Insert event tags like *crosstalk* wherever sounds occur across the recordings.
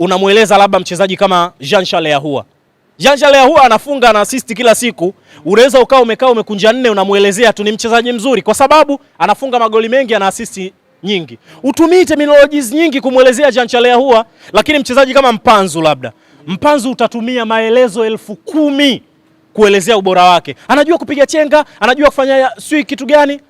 unamweleza labda mchezaji kama Jean Charles Ahoua. Jean Charles Ahoua anafunga na assist kila siku, unaweza ukaa umekaa umekunja nne, unamwelezea tu ni mchezaji mzuri kwa sababu anafunga magoli mengi, ana assist nyingi. Utumie terminologies nyingi kumwelezea Jean Charles Ahoua, lakini mchezaji kama Mpanzu labda Mpanzu utatumia maelezo elfu kumi kuelezea ubora wake. Anajua kupiga chenga, anajua kufanya sui kitu gani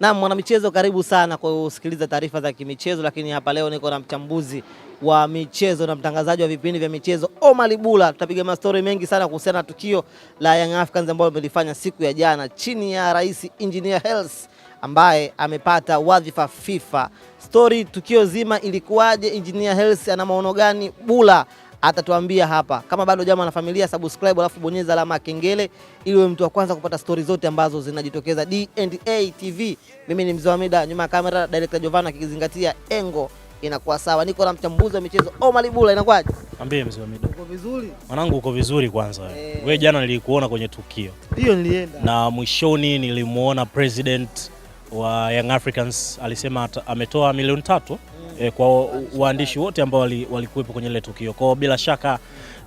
Naam, mwanamichezo, karibu sana kwa kusikiliza taarifa za kimichezo, lakini hapa leo niko na mchambuzi wa michezo na mtangazaji wa vipindi vya michezo Omar Bula. Tutapiga mastori mengi sana kuhusiana na tukio la Young Africans ambao wamelifanya siku ya jana chini ya Rais Engineer Hersi ambaye amepata wadhifa FIFA. Stori, tukio zima ilikuwaje? Engineer Hersi ana maono gani? Bula atatuambia hapa. Kama bado jamaa na familia, subscribe alafu bonyeza alama ya kengele ili uwe mtu wa kwanza kupata stori zote ambazo zinajitokeza D&A TV. Mimi ni Mzee wa Mida, nyuma ya kamera director Jovana akizingatia engo inakuwa sawa. Niko na mchambuzi wa michezo Omar Ibula, inakwaje? Ambie Mzee wa Mida. Uko vizuri? Mwanangu uko vizuri kwanza. E... Wewe jana nilikuona kwenye tukio. Ndio nilienda. Na mwishoni nilimuona president wa Young Africans alisema ametoa milioni tatu e, kwa waandishi wote ambao walikuwepo wali kwenye ile tukio. Kwa bila shaka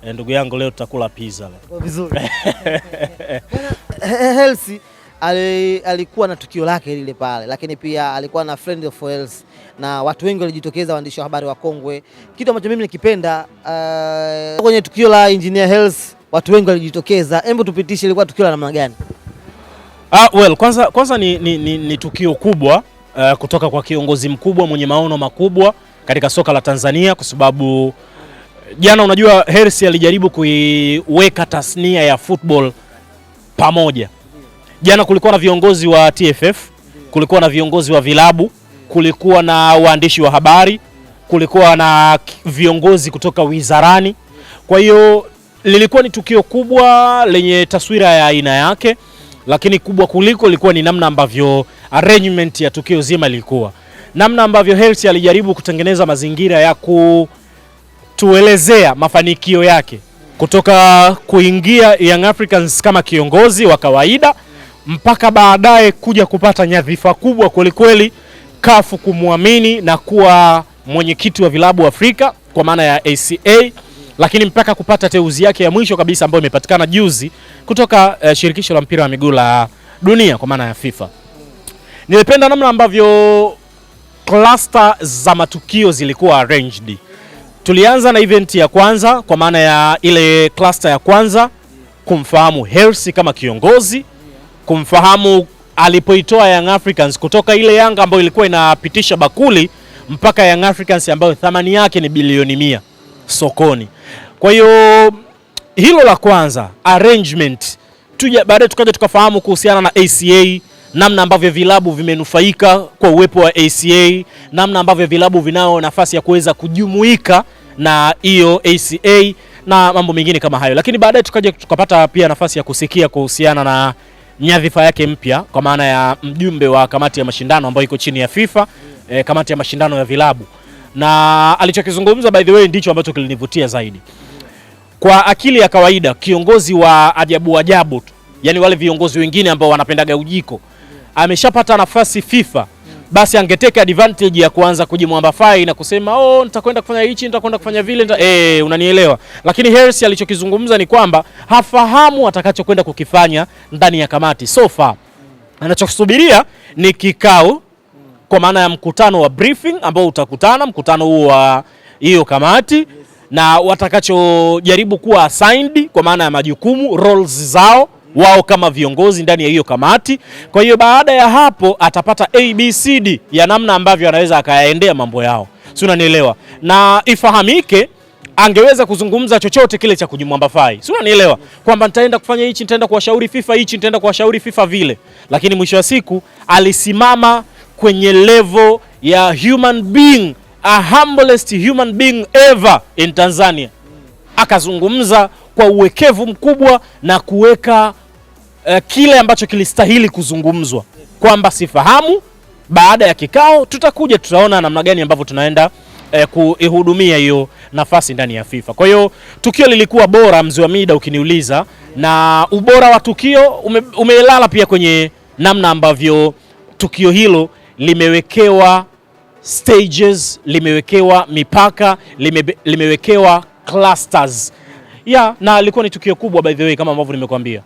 e, ndugu yangu leo tutakula pizza leo. Oh, vizuri. *laughs* Helsi alikuwa na tukio lake lile pale, lakini pia alikuwa na friend of Wales, na watu wengi walijitokeza, waandishi wa habari wa kongwe kitu ambacho mimi nikipenda uh, kwenye tukio la engineer Helsi watu wengi walijitokeza. Hebu tupitishe, ilikuwa tukio la namna gani? Ah, well, kwanza, kwanza ni, ni, ni, ni tukio kubwa uh, kutoka kwa kiongozi mkubwa mwenye maono makubwa katika soka la Tanzania, kwa sababu eh, jana, unajua Hersi alijaribu kuiweka tasnia ya football pamoja. Jana kulikuwa na viongozi wa TFF, kulikuwa na viongozi wa vilabu, kulikuwa na waandishi wa habari, kulikuwa na viongozi kutoka wizarani. Kwa hiyo lilikuwa ni tukio kubwa lenye taswira ya aina yake lakini kubwa kuliko ilikuwa ni namna ambavyo arrangement ya tukio zima ilikuwa, namna ambavyo Hersi alijaribu kutengeneza mazingira ya kutuelezea mafanikio yake kutoka kuingia Young Africans kama kiongozi wa kawaida mpaka baadaye kuja kupata nyadhifa kubwa kwelikweli, kafu kumwamini na kuwa mwenyekiti wa vilabu Afrika kwa maana ya ACA lakini mpaka kupata teuzi yake ya mwisho kabisa ambayo imepatikana juzi kutoka uh, shirikisho la mpira wa miguu la dunia kwa maana ya FIFA. Nilipenda namna ambavyo cluster za matukio zilikuwa arranged. Tulianza na event ya kwanza kwa maana ya ile cluster ya kwanza kumfahamu Hersi kama kiongozi, kumfahamu alipoitoa Young Africans kutoka ile Yanga ambayo ilikuwa inapitisha bakuli mpaka Young Africans ambayo thamani yake ni bilioni mia sokoni. Kwa hiyo hilo la kwanza arrangement, tuja baadaye tukaja tukafahamu kuhusiana na ACA, namna ambavyo vilabu vimenufaika kwa uwepo wa ACA, namna ambavyo vilabu vinao nafasi ya kuweza kujumuika na hiyo ACA na mambo mengine kama hayo, lakini baadaye tukaja tukapata pia nafasi ya kusikia kuhusiana na nyadhifa yake mpya kwa maana ya mjumbe wa kamati ya mashindano ambayo iko chini ya FIFA, eh, kamati ya mashindano ya vilabu, na alichokizungumza by the way ndicho ambacho kilinivutia zaidi. Kwa akili ya kawaida kiongozi wa ajabu ajabu tu, yani wale viongozi wengine ambao wanapendaga ujiko, ameshapata nafasi FIFA, basi angeteka advantage ya kuanza kujimwambafai na kusema oh, nitakwenda kufanya hichi, nitakwenda kufanya vile nita... eh, unanielewa. Lakini Harris alichokizungumza ni kwamba hafahamu atakachokwenda kukifanya ndani ya kamati so far. Anachosubiria ni kikao kwa maana ya mkutano wa briefing ambao utakutana, mkutano huo wa hiyo kamati na watakachojaribu kuwa assigned kwa maana ya majukumu roles zao wao kama viongozi ndani ya hiyo kamati. Kwa hiyo baada ya hapo atapata ABCD ya namna ambavyo anaweza akayaendea mambo yao, si unanielewa? Na ifahamike angeweza kuzungumza chochote kile cha kujimwambafai, si unanielewa, kwamba nitaenda kufanya hichi, nitaenda kuwashauri FIFA hichi, nitaenda kuwashauri FIFA vile, lakini mwisho wa siku alisimama kwenye level ya human being a humblest human being ever in Tanzania. Akazungumza kwa uwekevu mkubwa na kuweka uh, kile ambacho kilistahili kuzungumzwa kwamba sifahamu. Baada ya kikao tutakuja tutaona namna gani ambavyo tunaenda eh, kuihudumia hiyo nafasi ndani ya FIFA. Kwa hiyo tukio lilikuwa bora, mzee wa mida, ukiniuliza, na ubora wa tukio ume, umelala pia kwenye namna ambavyo tukio hilo limewekewa stages, limewekewa mipaka, lime, limewekewa clusters ya yeah, na alikuwa ni tukio kubwa by the way, kama ambavyo nimekuambia,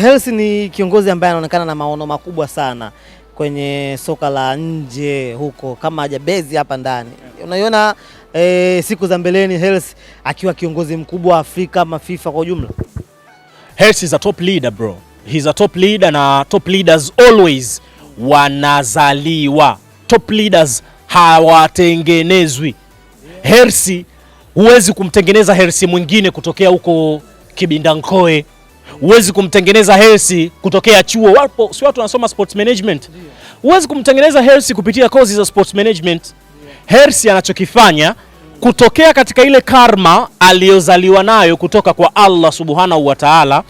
Hersi ni kiongozi ambaye anaonekana na maono makubwa sana kwenye soka la nje huko, kama hajabezi hapa ndani. Unaiona e, siku za mbeleni Hersi akiwa kiongozi mkubwa wa Afrika ama FIFA kwa ujumla. Hersi is a top leader bro, he's a top leader na top leaders always wanazaliwa top leaders hawatengenezwi. Hersi, huwezi kumtengeneza Hersi mwingine kutokea huko Kibindankoe, huwezi kumtengeneza Hersi kutokea chuo. Wapo si watu wanasoma sports management, huwezi kumtengeneza Hersi kupitia kozi za sports management. Hersi anachokifanya kutokea katika ile karma aliyozaliwa nayo kutoka kwa Allah subhanahu wa taala,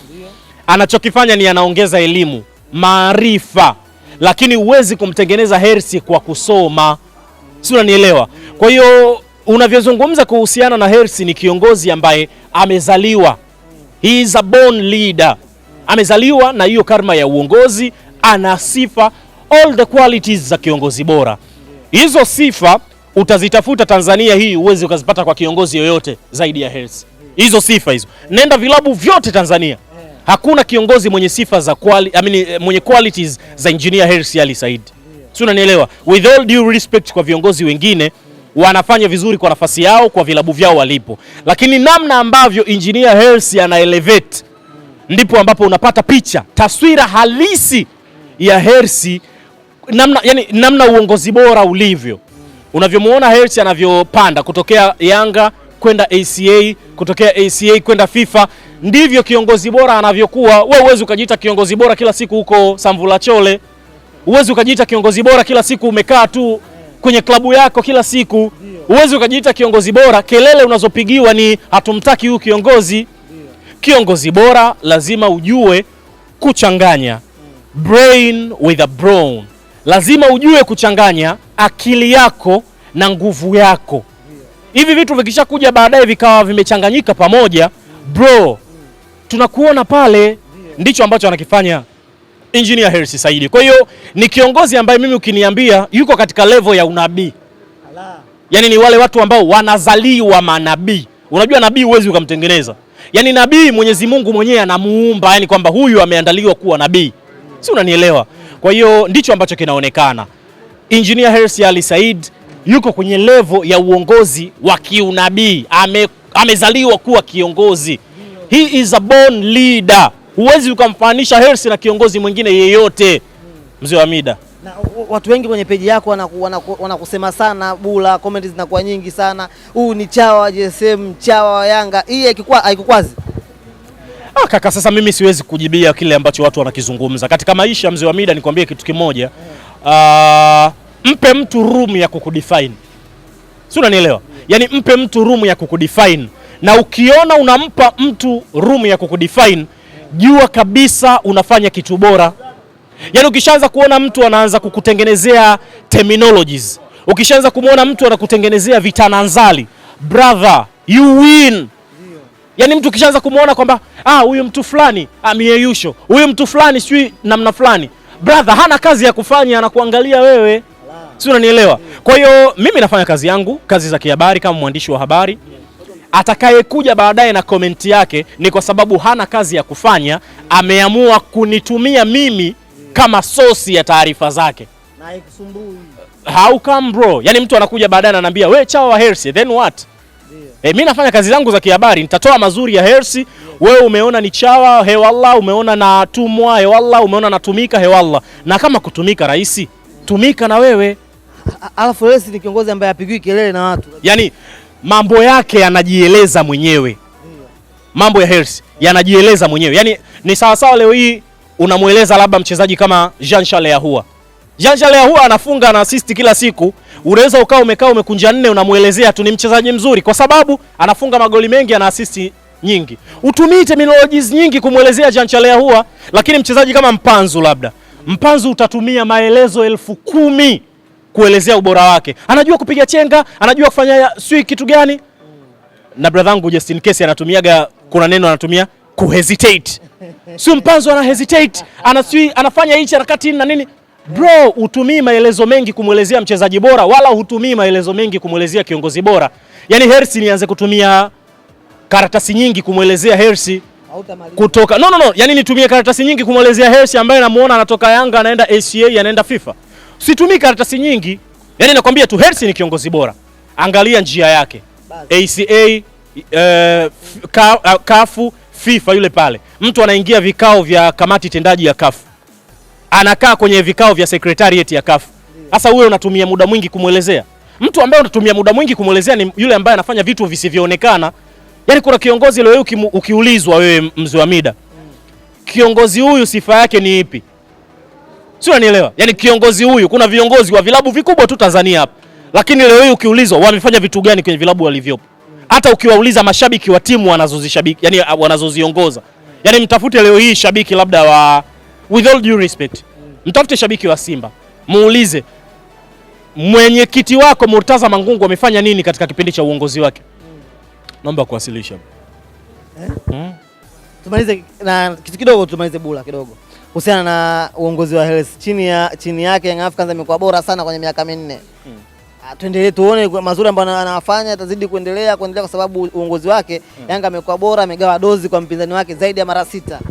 anachokifanya ni anaongeza elimu, maarifa, lakini huwezi kumtengeneza Hersi kwa kusoma si unanielewa? Kwa hiyo unavyozungumza kuhusiana na Hersi, ni kiongozi ambaye amezaliwa, he is a born leader, amezaliwa na hiyo karma ya uongozi, ana sifa all the qualities za kiongozi bora. Hizo sifa utazitafuta Tanzania hii uwezi ukazipata kwa kiongozi yoyote zaidi ya Hersi. Hizo sifa hizo, nenda vilabu vyote Tanzania, hakuna kiongozi mwenye sifa za quali, I mean, eh, mwenye qualities za engineer Hersi Ali Said si unanielewa? With all due respect kwa viongozi wengine wanafanya vizuri kwa nafasi yao kwa vilabu vyao walipo, lakini namna ambavyo engineer Hersi ana elevate ndipo ambapo unapata picha taswira halisi ya Hersi namna, yani, namna uongozi bora ulivyo unavyomuona Hersi anavyopanda kutokea Yanga kwenda ACA kutokea ACA kwenda FIFA ndivyo kiongozi bora anavyokuwa. Wewe huwezi ukajiita kiongozi bora kila siku huko Samvula Chole. Huwezi ukajiita kiongozi bora kila siku umekaa tu kwenye klabu yako kila siku. Huwezi ukajiita kiongozi bora, kelele unazopigiwa ni hatumtaki huyu kiongozi. Kiongozi bora lazima ujue kuchanganya brain with a brawn, lazima ujue kuchanganya akili yako na nguvu yako. Hivi vitu vikishakuja baadaye vikawa vimechanganyika pamoja, bro, tunakuona pale. Ndicho ambacho anakifanya Engineer Hersi Saidi. Kwa hiyo ni kiongozi ambaye mimi ukiniambia yuko katika level ya unabii. Yaani ni wale watu ambao wanazaliwa manabii. Unajua nabii huwezi ukamtengeneza. Yaani nabii Mwenyezi Mungu mwenyewe anamuumba, yaani kwamba huyu ameandaliwa kuwa nabii. Si unanielewa? Kwa hiyo ndicho ambacho kinaonekana. Engineer Hersi Ali Said yuko kwenye level ya uongozi wa kiunabii. Ame, amezaliwa kuwa kiongozi. He is a born leader huwezi ukamfananisha Hersi na kiongozi mwingine yeyote, mzee wa mida. Na watu wengi kwenye peji yako wanakusema wana, wana sana bula, comment zinakuwa nyingi sana, huu ni chawa JSM, chawa wa Yanga. Hii haikukwazi? Ah, kaka, sasa mimi siwezi kujibia kile ambacho watu wanakizungumza katika maisha. Mzee wa mida, nikwambie kitu kimoja uh, mpe mtu room ya kukudefine, si unanielewa? yeah. Yani mpe mtu room ya kukudefine, na ukiona unampa mtu room ya kukudefine jua kabisa unafanya kitu bora. Yaani ukishaanza kuona mtu anaanza kukutengenezea terminologies, ukishaanza kumwona mtu anakutengenezea vitananzali, brother you win. Yaani mtu ukishaanza kumwona kwamba ah, huyu mtu fulani ameyeyusho, ah, huyu mtu fulani sijui namna fulani, brother hana kazi ya kufanya, anakuangalia wewe, si unanielewa? Kwa hiyo mimi nafanya kazi yangu, kazi za kihabari kama mwandishi wa habari atakayekuja baadaye na komenti yake ni kwa sababu hana kazi ya kufanya, ameamua kunitumia mimi kama sosi ya taarifa zake. Na How come bro? Yani mtu anakuja baadaye ananiambia we chawa wa Hersi, then what? E, mi nafanya kazi zangu za kihabari, nitatoa mazuri ya Hersi yeah. Wewe umeona ni chawa hewalla, umeona natumwa hewalla, umeona natumika hewalla. Na kama kutumika rahisi, tumika na wewe. Alafu Hersi ni kiongozi ambaye apigwi kelele na watu. Yaani mambo yake yanajieleza mwenyewe, mambo ya Hersi yanajieleza mwenyewe. Yaani ni sawasawa leo hii unamweleza labda mchezaji kama Jean Charles Ahoua. Jean Charles Ahoua anafunga na assist kila siku, unaweza ukawa umekaa umekunja nne, unamwelezea tu ni mchezaji mzuri kwa sababu anafunga magoli mengi, ana assist nyingi. Utumii terminologies nyingi kumwelezea Jean Charles Ahoua, lakini mchezaji kama Mpanzu labda Mpanzu utatumia maelezo elfu kumi kuelezea ubora wake, anajua kupiga chenga, anajua kufanya sui kitu gani. Na bradhangu Justin Kesi anatumiaga, kuna neno anatumia kuhesitate, sio mpanzo, ana hesitate, anasui, anafanya hichi harakati na nini Bro, hutumii maelezo mengi kumwelezea mchezaji bora wala hutumii maelezo mengi kumwelezea kiongozi bora. Yaani Hersi nianze kutumia karatasi nyingi kumwelezea Hersi kutoka. No, no, no. Yaani nitumie karatasi nyingi kumwelezea Hersi ambaye namuona anatoka Yanga anaenda ACA anaenda FIFA situmii karatasi nyingi, yaani nakwambia tu Hersi ni kiongozi bora. Angalia njia yake ACA, eh, uh, kafu FIFA yule pale, mtu anaingia vikao vya kamati tendaji ya kafu, anakaa kwenye vikao vya secretariat ya kafu. Sasa wewe unatumia muda mwingi kumwelezea mtu ambaye unatumia muda mwingi kumwelezea ni yule ambaye anafanya vitu visivyoonekana. Yaani kuna kiongozi leo uki, ukiulizwa wewe mzee wa mida, mm. kiongozi huyu sifa yake ni ipi? Sio, unanielewa? Yaani kiongozi huyu, kuna viongozi wa vilabu vikubwa tu Tanzania hapa, lakini leo hii ukiulizwa wamefanya vitu gani kwenye vilabu walivyopo, hata ukiwauliza mashabiki wa timu wanazozishabiki, yani uh, wanazoziongoza, Yaani mtafute leo hii shabiki labda wa, with all due respect, mtafute shabiki wa Simba muulize mwenyekiti wako Murtaza Mangungu amefanya nini katika kipindi cha uongozi wake? Naomba kuwasilisha. Eh? Hmm? Tumalize na kitu kidogo, tumalize bula kidogo kuhusiana na uongozi wa Hersi chini, ya, chini yake Young Africans imekuwa bora sana kwenye miaka minne hmm. Ah, tuendelee tuone mazuri ambayo anafanya atazidi kuendelea kuendelea kwa sababu uongozi wake hmm. Yanga amekuwa bora, amegawa dozi kwa mpinzani wake zaidi ya mara sita. Hmm.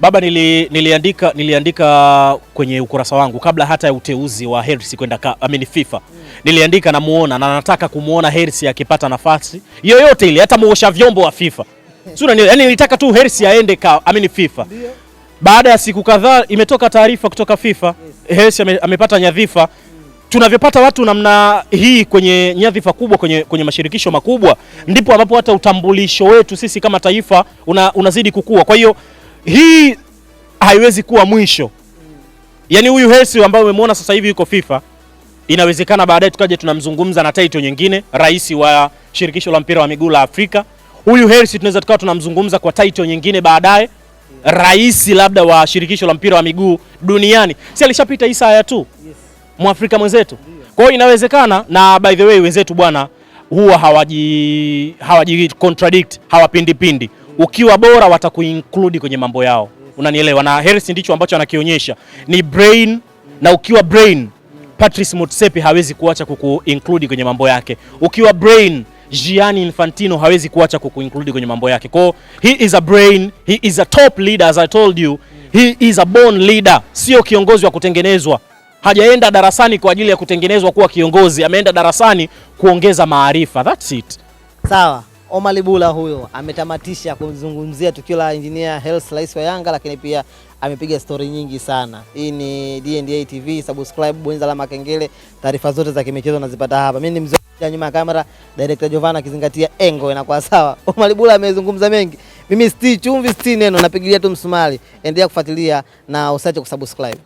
Baba, nili, niliandika, niliandika kwenye ukurasa wangu kabla hata ya uteuzi wa Hersi kwenda I mean FIFA mm. Niliandika namuona na nataka kumuona Hersi akipata nafasi yoyote ile hata muosha vyombo wa FIFA. *laughs* Sio, yani nilitaka tu Hersi aende I mean FIFA. Ndiyo. Baada ya siku kadhaa imetoka taarifa kutoka FIFA yes. Hersi ame, amepata nyadhifa mm. Tunavyopata watu namna hii kwenye nyadhifa kubwa kwenye, kwenye mashirikisho makubwa mm. Ndipo ambapo hata utambulisho wetu sisi kama taifa una, unazidi kukua. Kwa hiyo hii haiwezi kuwa mwisho mm. Yaani huyu Hersi ambaye umemwona sasa hivi yuko FIFA, inawezekana baadaye tukaje tunamzungumza na title nyingine, rais wa shirikisho la mpira wa miguu la Afrika. Huyu Hersi tunaweza tukawa tunamzungumza kwa title nyingine baadaye rais labda wa shirikisho la mpira wa miguu duniani, si alishapita Isa tu Yes. Mwafrika mwenzetu. Kwa hiyo inawezekana, na by the way wenzetu bwana huwa hawaji hawaji contradict hawapindipindi. Ukiwa bora watakuinclude kwenye mambo yao, unanielewa? Na Harris ndicho ambacho anakionyesha ni brain, na ukiwa brain Patrice Motsepe hawezi kuacha kukuinclude kwenye mambo yake. Ukiwa brain Gianni Infantino hawezi kuacha kukuinclude kwenye mambo yake. Kwa he is a brain, he is a top leader as I told you. He is a born leader, sio kiongozi wa kutengenezwa. Hajaenda darasani kwa ajili ya kutengenezwa kuwa kiongozi, ameenda darasani kuongeza maarifa. That's it. Sawa. Omar Libula huyo ametamatisha kuzungumzia tukio la engineer Hersi rais wa Yanga, lakini pia amepiga stori nyingi sana. Hii ni D&A TV, subscribe, bonyeza alama kengele, taarifa zote za kimichezo nazipata hapa. Mimi ni ya nyuma ya kamera director Jovana akizingatia engo inakuwa sawa. *laughs* Omar Bula amezungumza mengi, mimi sti chumvi sti neno, napigilia tu msumari. Endelea kufuatilia na usiache kusubscribe.